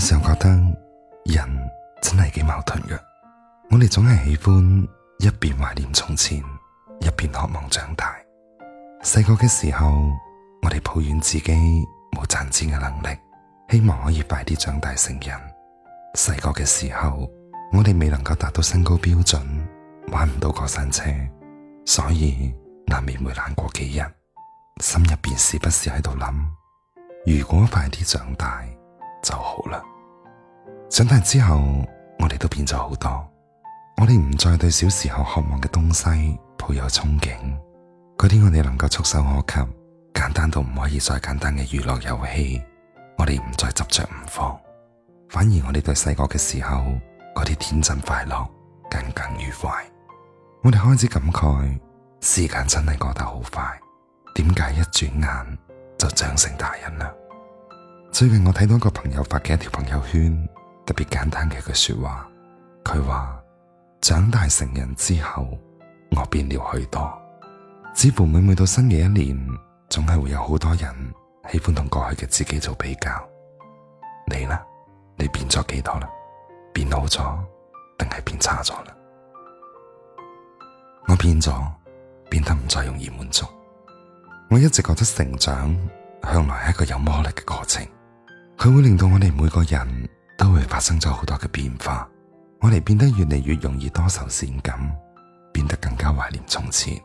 時候覺得人真係幾矛盾嘅，我哋總係喜歡一邊懷念從前，一邊渴望長大。細個嘅時候，我哋抱怨自己冇賺錢嘅能力，希望可以快啲長大成人。細個嘅時候，我哋未能夠達到身高標準，玩唔到過山車，所以難免會難過幾日，心入邊時不時喺度諗：如果快啲長大就好啦。長大之後，我哋都變咗好多。我哋唔再對小時候渴望嘅東西抱有憧憬，嗰啲我哋能夠觸手可及、簡單到唔可以再簡單嘅娛樂遊戲，我哋唔再執着唔放，反而我哋對細個嘅時候嗰啲天真快樂耿耿於懷。我哋開始感慨，時間真係過得好快，點解一轉眼就長成大人啦？最近我睇到一個朋友發嘅一條朋友圈，特別簡單嘅一句說話。佢話：長大成人之後，我變了許多。似乎每每到新嘅一年，總係會有好多人喜歡同過去嘅自己做比較。你呢？你變咗幾多啦？變好咗定係變差咗啦？我變咗，變得唔再容易滿足。我一直覺得成長向來係一個有魔力嘅過程。佢會令到我哋每個人都會發生咗好多嘅變化，我哋變得越嚟越容易多愁善感，變得更加懷念從前。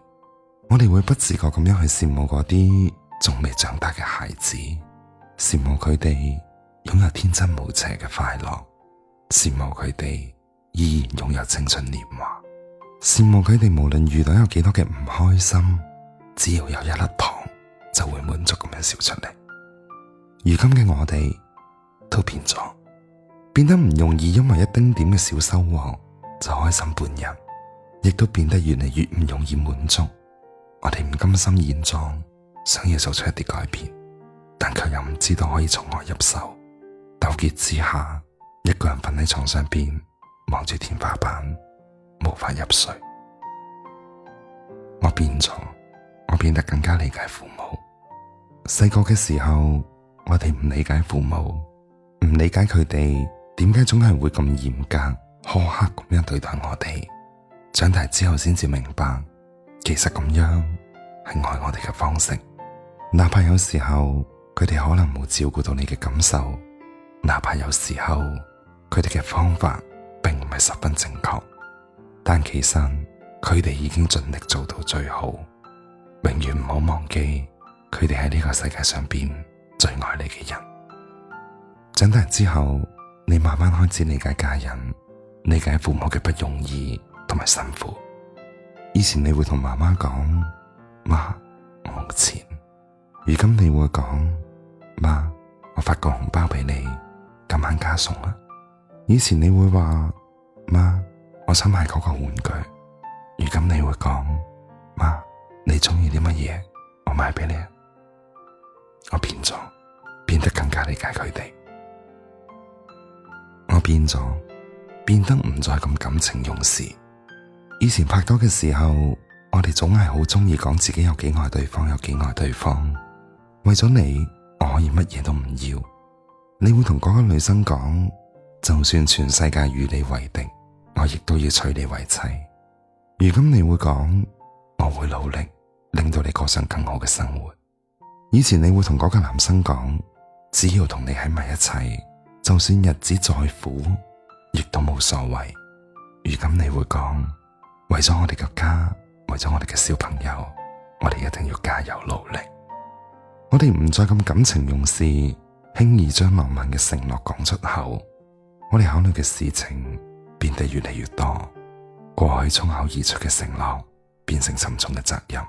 我哋會不自覺咁樣去羨慕嗰啲仲未長大嘅孩子，羨慕佢哋擁有天真無邪嘅快樂，羨慕佢哋依然擁有青春年華，羨慕佢哋無論遇到有幾多嘅唔開心，只要有一粒糖就會滿足咁樣笑出嚟。如今嘅我哋。都變咗，變得唔容易，因為一丁點嘅小收穫就開心半日，亦都變得越嚟越唔容易滿足。我哋唔甘心現狀，想要做出一啲改變，但卻又唔知道可以從何入手。糾結之下，一個人瞓喺床上邊，望住天花板，無法入睡。我變咗，我變得更加理解父母。細個嘅時候，我哋唔理解父母。唔理解佢哋點解總係會咁嚴格苛刻咁樣對待我哋，長大之後先至明白，其實咁樣係愛我哋嘅方式。哪怕有時候佢哋可能冇照顧到你嘅感受，哪怕有時候佢哋嘅方法並唔係十分正確，但其實佢哋已經盡力做到最好。永遠唔好忘記，佢哋喺呢個世界上邊最愛你嘅人。長大之後，你慢慢開始理解家人、理解父母嘅不容易同埋辛苦。以前你會同媽媽講：媽，我冇錢。如今你會講：媽，我發個紅包俾你，今晚加餸啦。以前你會話：媽，我想買嗰個玩具。如今你會講：媽，你中意啲乜嘢，我買俾你。我變咗，變得更加理解佢哋。我變咗，變得唔再咁感情用事。以前拍拖嘅時候，我哋總係好中意講自己有幾愛對方，有幾愛對方。為咗你，我可以乜嘢都唔要。你會同嗰個女生講，就算全世界與你為敵，我亦都要娶你為妻。如今你會講，我會努力令到你過上更好嘅生活。以前你會同嗰個男生講，只要同你喺埋一齊。就算日子再苦，亦都冇所謂。如今你會講，為咗我哋嘅家，為咗我哋嘅小朋友，我哋一定要加油努力。我哋唔再咁感情用事，輕易將浪漫嘅承諾講出口。我哋考慮嘅事情變得越嚟越多，過去沖口而出嘅承諾變成沉重嘅責任。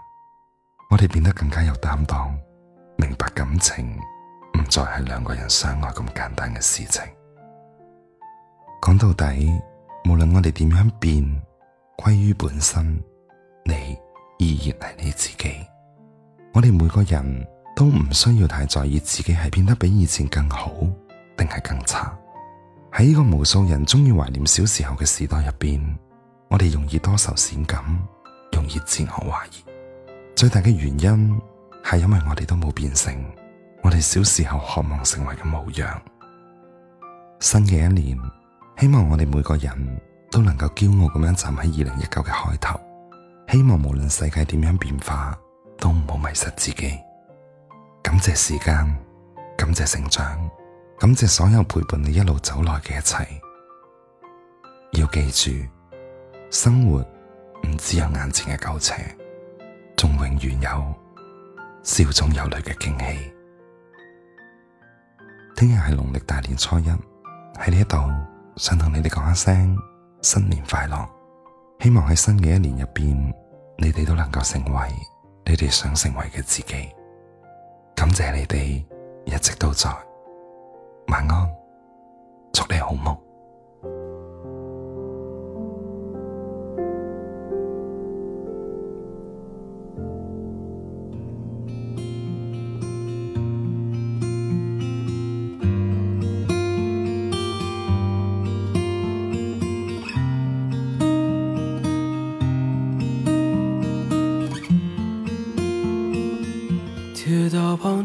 我哋變得更加有擔當，明白感情。再係兩個人相愛咁簡單嘅事情。講到底，無論我哋點樣變，歸於本身，你依然係你自己。我哋每個人都唔需要太在意自己係變得比以前更好定係更差。喺呢個無數人中意懷念小時候嘅時代入邊，我哋容易多愁善感，容易自我懷疑。最大嘅原因係因為我哋都冇變性我哋小時候渴望成為嘅模樣。新嘅一年，希望我哋每個人都能夠驕傲咁樣站喺二零一九嘅開頭。希望無論世界點樣變化，都唔好迷失自己。感謝時間，感謝成長，感謝所有陪伴你一路走來嘅一切。要記住，生活唔只有眼前嘅苟且，仲永遠有笑中有淚嘅驚喜。聽日係農曆大年初一，喺呢度想同你哋講一聲新年快樂，希望喺新嘅一年入邊，你哋都能夠成為你哋想成為嘅自己。感謝你哋一直都在，晚安，祝你好夢。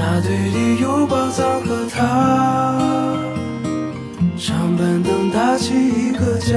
大隊裏有寶藏和他，上板凳搭起一個家。